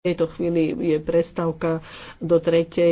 tejto chvíli je prestávka do tretej.